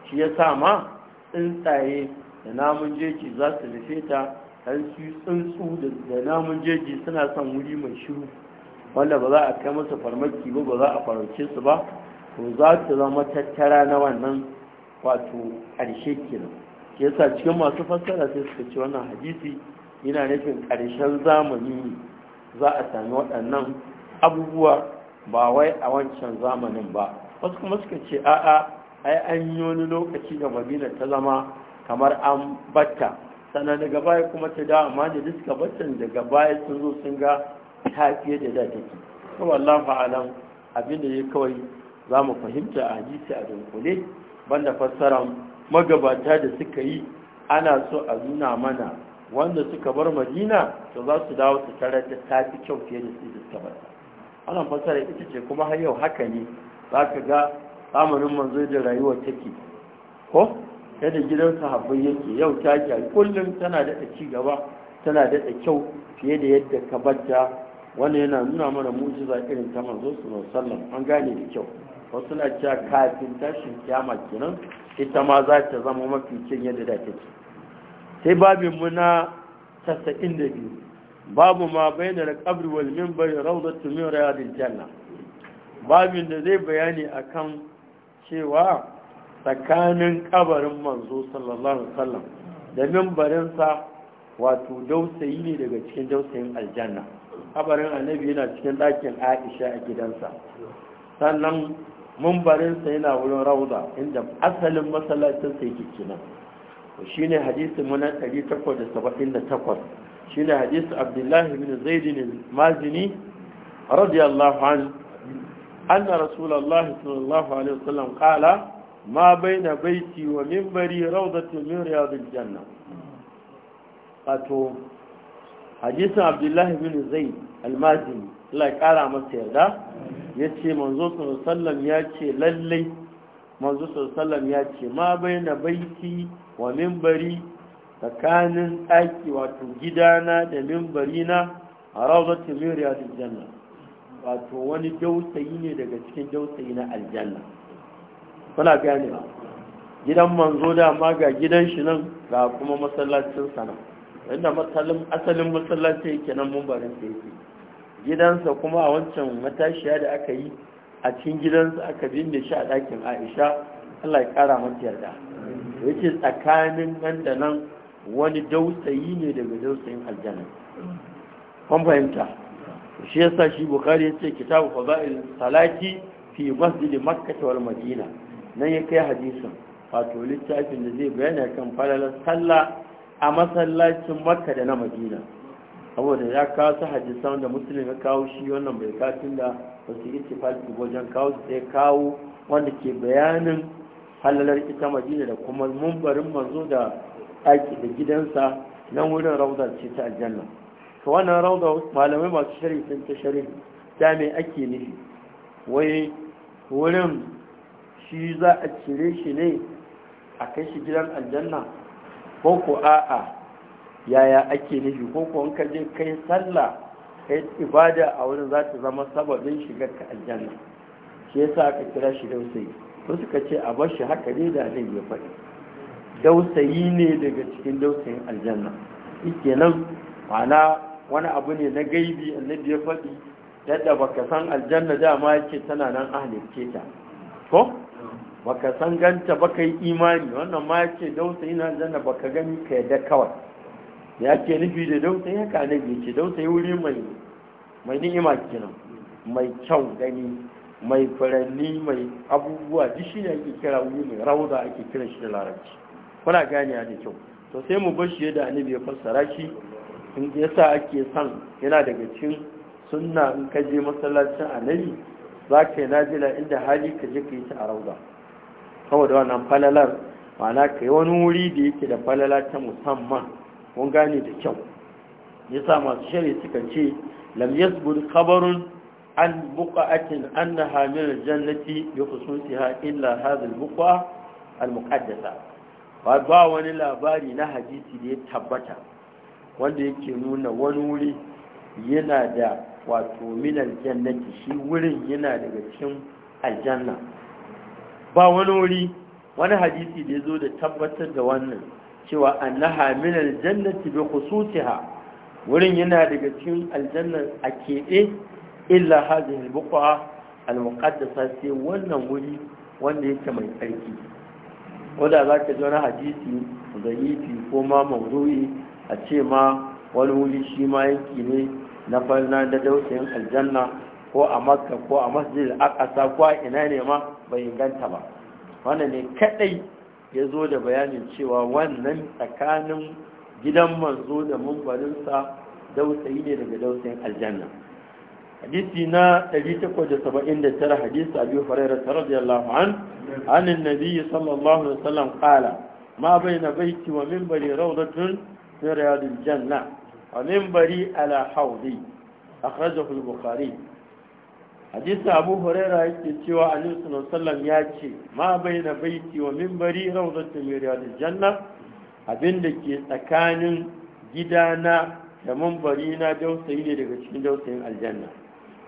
shi ya sa ma tsuntsaye da namun jeji za su rufe ta har su tsuntsu da namun jeji suna son wuri mai shiru wanda ba za a kai masa farmaki ba ba za a farauce su ba to za su zama tattara na wannan wato ƙarshe kenan shi yasa cikin masu fassara sai suka ce wannan hadisi yana nufin ƙarshen zamani za a sami waɗannan abubuwa ba wai a wancan zamanin ba wasu kuma suka ce a'a ai an yi wani lokaci da madina ta zama kamar an batta sannan daga baya kuma ta dawo, amma da suka batan daga baya sun zo sun ga ta fiye da da take to wallahi fa'alan abin da ya kawai za mu fahimta a hadisi a dunkule banda fassarar magabata da suka yi ana so a zuna mana wanda suka bar madina to za su dawo su tarar da ta fi kyau fiye da su suka bar Wannan fassara ita ce kuma har yau haka ne zaka ka ga zamanin manzo da rayuwa take ko yadda gidan sahabbai yake yau ta ke kullum tana daɗa ci gaba tana daɗa kyau fiye da yadda ka bata wannan yana nuna mana mu'jiza irin ta manzo sallallahu an gane da kyau wasu na cewa kafin tashin kiyama kenan ita ma za ta zama mafi kyan yadda da take sai babin mu na 92 babu ma bayyana al-qabr wal minbar rawdatu min riyadil janna babin da zai bayani akan cewa tsakanin kabarin manzo sallallahu alaihi wasallam da mimbarinsa wato dausayi ne daga cikin dausayin aljanna kabarin annabi yana cikin ɗakin aisha a gidansa sannan mimbarinsa yana wurin rauda inda asalin masallacin masallacinsa yake kinan shi ne hadisi muna 878 shi ne hadisi abdullahi bin zaidin mazini radiyallahu anhu أن رسول الله صلى الله عليه وسلم قال ما بين بيتي ومنبري روضة من رياض الجنة قاتو حديث عبد الله بن زيد المازني الله قال عمل سيدا يتي منظور صلى الله عليه وسلم يتي للي manzo sallallahu ya ce ma baina baiti wa minbari tsakanin ɗaki wato gidana da minbari na a rawdatul riyadul janna wato wani dausayi ne daga cikin dausayi na aljanna kuna gane ba gidan manzo dama ga gidan shi nan ga kuma masallacin sana inda matsalin asalin masallaci yake nan mumbarin da yake gidansa kuma a wancan matashiya da aka yi a cikin gidansa aka binne shi a ɗakin aisha allah ya ƙara mata yarda yake tsakanin nan da nan wani dausayi ne daga dausayin aljanna kun fahimta shi yasa shi bukari ce kitabu fadail salati fi masjid makkah wal madina nan ya kai hadisin wato littafin da zai bayyana kan falalar sallah a masallacin makka da na madina saboda ya kawo su hadisan da musulun ya kawo shi wannan bai kafin da ba su yi wajen kawo su sai kawo wanda ke bayanin halalar ita madina da kuma mumbarin manzo da aiki da gidansa nan wurin rawdar ce ta aljanna to wannan rauda malamai masu sharhi sun ta sharhi ta mai ake nufi wai wurin shi za a cire shi ne a kai shi gidan aljanna ko ko a'a yaya ake nufi ko ko ka je kai sallah kai ibada a wurin za ta zama sababin shigar ka aljanna shi yasa aka kira shi dausayi to suka ce a bar shi haka ne da nan ya faɗi dausayi ne daga cikin dausayin aljanna kenan ma'ana wani abu ne na gaibi annabi ya faɗi yadda baka san aljanna dama yake tana nan ahalitce ta ko baka san ganta baka yi imani wannan ma yake dausa yin aljanna baka gani ka yadda kawai ya ke nufi da dausa ya ka annabi ce dausa wuri mai mai ni'ima kenan mai kyau gani mai furanni mai abubuwa duk shi ne ake kira wuri mai rauda ake kira shi da larabci kuna gane da kyau to sai mu bar shi yadda annabi ya fassara shi in yasa ake son yana daga cikin suna in ka je masallacin annabi za ka yi najila inda hali ka je ka yi ta a rauda da wannan falalar mana ka yi wani wuri da yake da falala ta musamman kun gane da kyau Ya sa masu shari suka ce lam yasbur kabarun an buqa'atin jannati ya fi sun siya illa hadha al-muƙaddasa ba wani labari na hadisi da ya tabbata wanda yake nuna wani wuri yana da wato minar jannati shi wurin yana daga cikin aljanna ba wani wuri wani hadisi da ya zo da tabbatar da wannan cewa annaha minar jannati bi ha, wurin yana daga cikin aljanna a keɓe illa hadhihi al-buqa al-muqaddasa sai wannan wuri wanda yake mai tsarki wanda zaka ji wani hadisi zaifi ko ma mawdu'i a ce ma wani wuri shi ma yanki ne na farna da dausayin aljanna ko a makka ko a masjid al'aqasa ko a ina ne ma bai ganta ba wannan ne kadai ya zo da bayanin cewa wannan tsakanin gidan manzo da mumbarinsa dausayi ne daga dausayin aljanna hadisi na 879 hadisi abu hurairah radiyallahu an anin nabi sallallahu alaihi wasallam qala ma na baiti wa mimbari rawdatun في رياض الجنة ومنبري على حوضي أخرجه البخاري حديث أبو هريرة يتوى عن صلى الله عليه وسلم ياتي ما بين بيتي ومنبري روضة من رياض الجنة abin da ke tsakanin gidana da mambari na dausayi ne daga cikin dausayin aljanna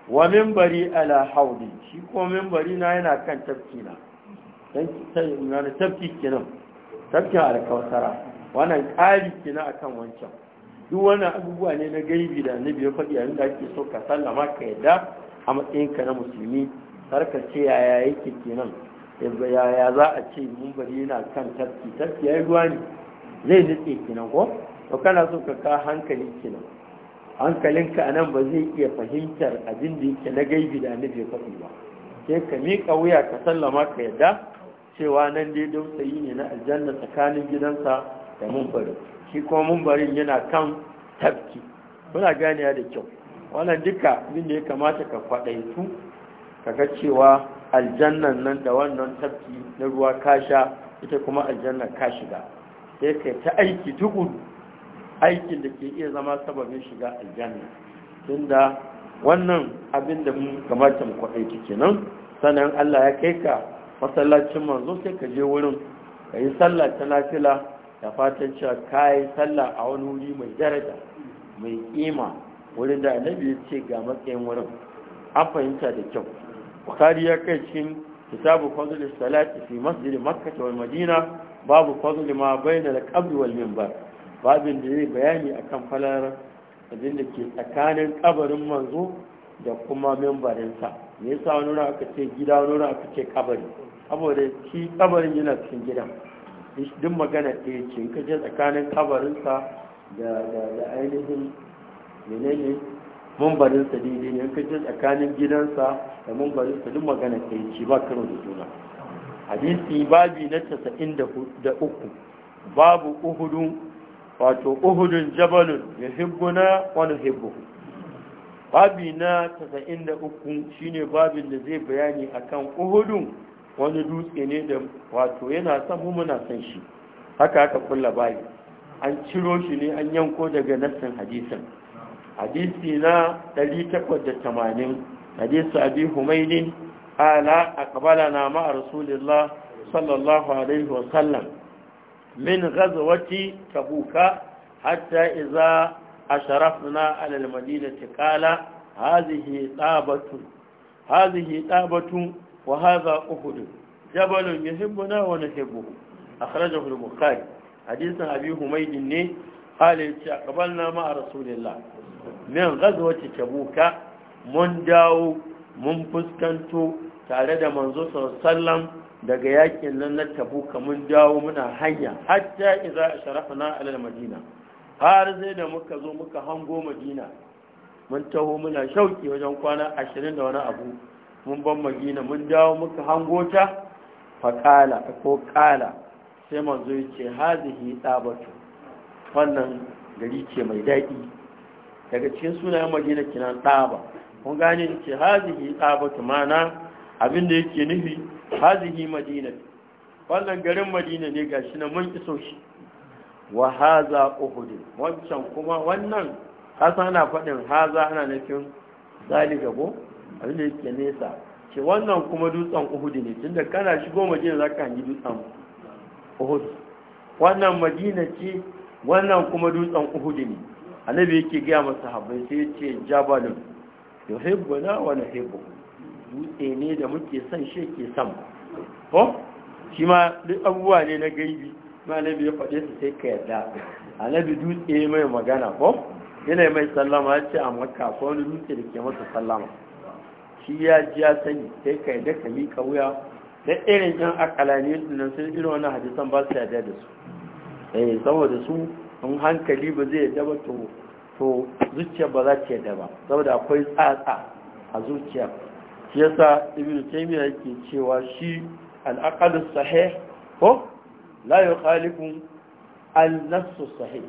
wa mimbari ala haudi shi ko mimbari na yana kan tafki na don tafki kenan tafkin alkawasara wannan ƙari kina akan wancan duk wannan abubuwa ne na gaibi da annabi ya faɗi yayin da ake so ka sallama ka yadda a matsayinka na musulmi har ka ce yaya yake kenan yaya za a ce mun bari yana kan tafki tafki ya ruwa ne zai nutse kenan ko to kana so ka ka hankali kenan hankalinka a nan ba zai iya fahimtar abin da yake na gaibi da annabi ya faɗi ba sai ka miƙa wuya ka sallama ka yadda cewa nan dai dausayi ne na aljanna tsakanin gidansa da mumbari shi kuma mumbarin yana kan tafki muna ganiya da kyau wannan duka abin ya kamata ka ka kaga cewa aljannan nan da wannan tafki na ruwa kasha ita kuma aljannan ka shiga sai kai ta aiki tukun aikin da ke iya zama sababin shiga aljanna tunda wannan abin da mu kamata mu kwaɗaitu kenan sannan Allah ya kai ka masallacin manzo sai ka je wurin ka sallah ta nafila da fatan cewa kayan sallah a wani wuri mai daraja mai kima wurin da annabi ya ce ga matsayin wurin an fahimta da kyau bukari ya kai cikin kitabu fadlul salati fi masjid makkah wal madina babu fadl ma bayna al qabr wal minbar babin da zai bayani akan falar abin da ke tsakanin kabarin manzo da kuma sa me yasa wani aka ce gida wani aka ce kabari saboda shi kabarin yana cikin gidan duk magana ɗaya ce in ka je tsakanin kabarinsa da ainihin menene mambarinsa daidai ne in ka je tsakanin gidansa da mambarinsa duk magana yi ci ba karo da juna hadisi babi na casa'in da uku babu uhudun wato uhudun jabalun ya hibbuna wani hibbu babi na casa'in da uku shine babin da zai bayani akan uhudun wani dutse ne da wato yana san mu muna san shi haka aka kulla bayi an ciro shi ne an yanko daga nassin hadisin hadisi na 880 hadisi abi humaydin ala na ma rasulullah sallallahu alaihi wa sallam min ghazwati tabuka hatta idza asharafna ala al-madinati qala hadhihi tabatu hadhihi tabatu وهذا أهد جبل يحبنا ونحبه أخرجه البخاري حديث أبي حميد a قال قبلنا a رسول الله من غزوة تبوك mun داو mun fuskanto tare da manzo sallam daga yakin nan na tabuka mun dawo muna hanya hatta idza sharafna ala madina har sai da muka zo muka hango madina mun taho muna shauki wajen kwana ashirin da wani abu mun ban magina mun dawo muka hangota ta faƙala ko ƙala sai manzo ya ce hazihi tsabatu wannan gari ce mai daɗi daga cikin sunayen magina kinan tsaba kun gane ce hazihi tsabatu mana abinda yake nufi hazihi madina wannan garin madina ne ga shi na mun iso shi wa haza uhud wancan kuma wannan kasa ana faɗin haza ana nufin zali go abin da yake nesa ce wannan kuma dutsen uhudu ne tun tunda kana shigo madina za ka hangi dutsen uhudu wannan madina ce wannan kuma dutsen uhudu ne annabi yake gaya masa habbai sai ce jabalun yuhibbuna wa nuhibbu dutse ne da muke son shi ke son ko shi ma duk abubuwa ne na gaibi ma annabi ya faɗe su sai ka yarda annabi dutse mai magana ko yana mai sallama ya ce a makka ko wani dutse da ke masa sallama shi ya ji ya sani sai ka yadda ka miƙa wuya da irin yan akalani nan sun irin wani hadisan ba su yadda da su eh saboda su in hankali ba zai yadda ba to zuciya ba za ta yadda ba saboda akwai tsatsa a zuciya shi yasa ibnu taymiya yake cewa shi al-aqal sahih ko la yukhalifu al-nafs sahih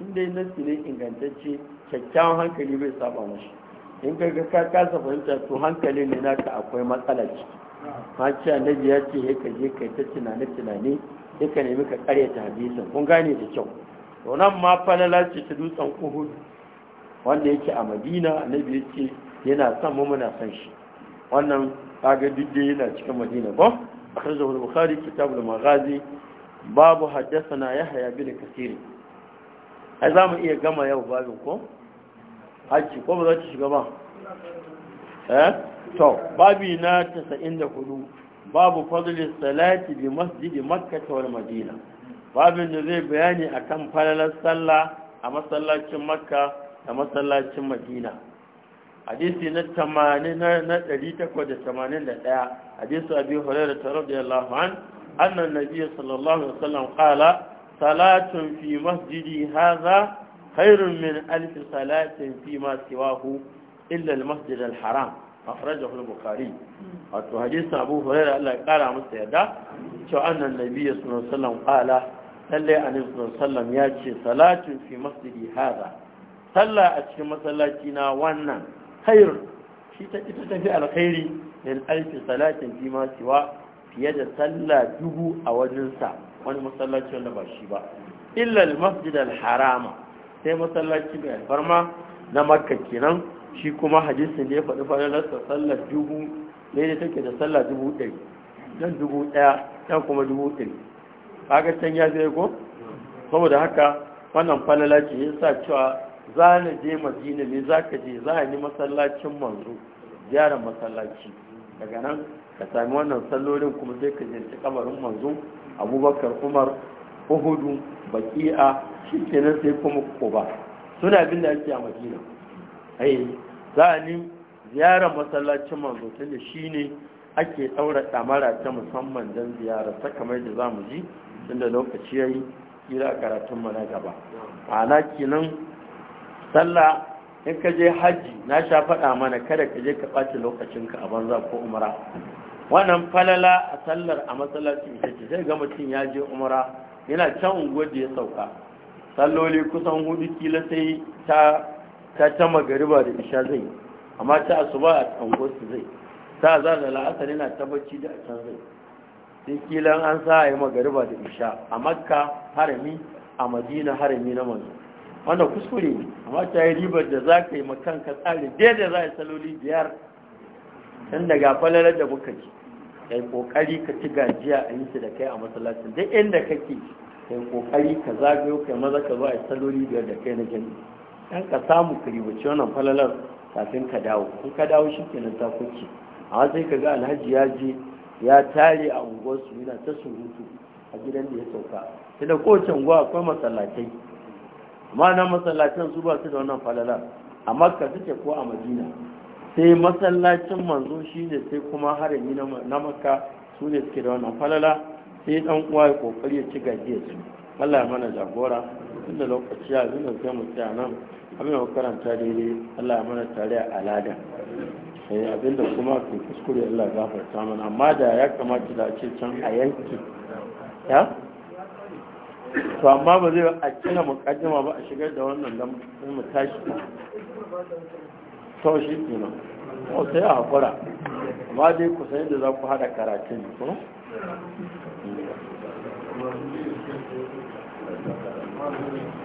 inda nafsi ne ingantacce kyakkyawan hankali bai saba mashi in ka ga kasa fahimta to hankali ne naka akwai matsala ciki hanci annabi ya ce ya kaje kai ta tunane tunane ya ka nemi ka ta hadisin kun gane da kyau to nan ma falala ce ta dutsen uhud wanda yake a madina annabi ya ce yana son mu muna son shi wannan kaga duk yana cikin madina ba akhrajahu al-bukhari kitab al-maghazi babu haddathana yahya bin kasir ai zamu iya gama yau babin ko haƙƙi ko ba za ki shiga ba eh to babi na 94 babu fadlis salati bi masjidi makka wal madina babin da zai bayani akan falalar sallah a masallacin makka da masallacin madina hadisi na 80 881 hadisi abi hurairah radiyallahu an anna nabiyyu sallallahu alaihi wasallam qala salatun fi masjidi hadha khairun min alf salatin fi ma siwahu illa al-masjid haram akhrajahu al-bukhari wato hadisin Abu Hurairah Allah ya kara masa yarda cewa annan nabi sallallahu alaihi wasallam qala lalle annabi sallallahu alaihi wasallam ya ce salatun fi masjidi hada sallah a cikin masallaci na wannan khairun shi ta ita tafi alkhairi min alfi salatin fi ma siwa fiye da sallah dubu a wajensa wani masallaci wanda ba shi ba illa harama sai masallaci mai alfarma na makka kenan shi kuma hadisin ne ya faɗi falalarsa sallar dubu ne da take da sallar dubu ɗari don dubu ɗaya ɗan kuma dubu ɗari kaga can ya zai ko saboda haka wannan falalaci ya sa cewa za na je madina ne za ka je za a yi masallacin manzo ziyarar masallaci daga nan ka sami wannan sallolin kuma sai ka ziyarci kamarin manzo abubakar umar uhudu baki'a shi nan sai kuma ba, suna bin da ake a madina ai za a ni ziyarar masallacin manzo da shi ne ake ɗaura mara ta musamman don ziyarar ta kamar da za mu ji da lokaci ya yi kira karatun mu na gaba ma'ana kinan sallah in ka je hajji na sha faɗa mana kada ka je ka ɓaci lokacinka a banza ko umara wannan falala a sallar a masallacin ita zai ga mutum ya je umara yana can unguwar da ya sauka salloli kusan hudu kila sai ta ta ta magariba da isha zai amma ta asuba a unguwar su zai ta za da la'asar yana ta bacci da a can zai sai kila an sa a yi magariba da isha a makka harami a madina harami na manzo wanda kuskure ne amma ta yi ribar da za ka yi makanka tsari daidai za a yi saloli biyar tun daga falalar da muka ci kai kokari ka ci gajiya a yi shi da kai a masallacin duk inda kake kai kokari ka zagayo kai maza ka zo a saloli biyar da kai na jami'i dan ka samu ka ribaci wannan falalar kafin ka dawo in ka dawo shi ta kuce amma sai ka ga alhaji ya je ya tare a unguwarsu yana ta surutu a gidan da ya sauka sai da kowace unguwa akwai masallatai amma nan masallacin su ba su da wannan falalar. Amma ka suke ko a madina sai masallacin manzo ne sai kuma harami na maka su ne suke da wannan falala sai dan uwa ya kokari ya ci gajiya su Allah ya mana jagora tunda lokaci ya zuna sai mu tsaya nan abin da karanta daidai Allah ya mana tare a alada sai eh, abinda kuma ke kuskure Allah ya gafarta mana amma da ya kamata da a ce can a yanki ya to amma ba zai a cina mukaddima ba a shigar da wannan dan mu tashi to shi kino o sai a hakura amma dai ku san yadda za ku haɗa karatun ko Thank you.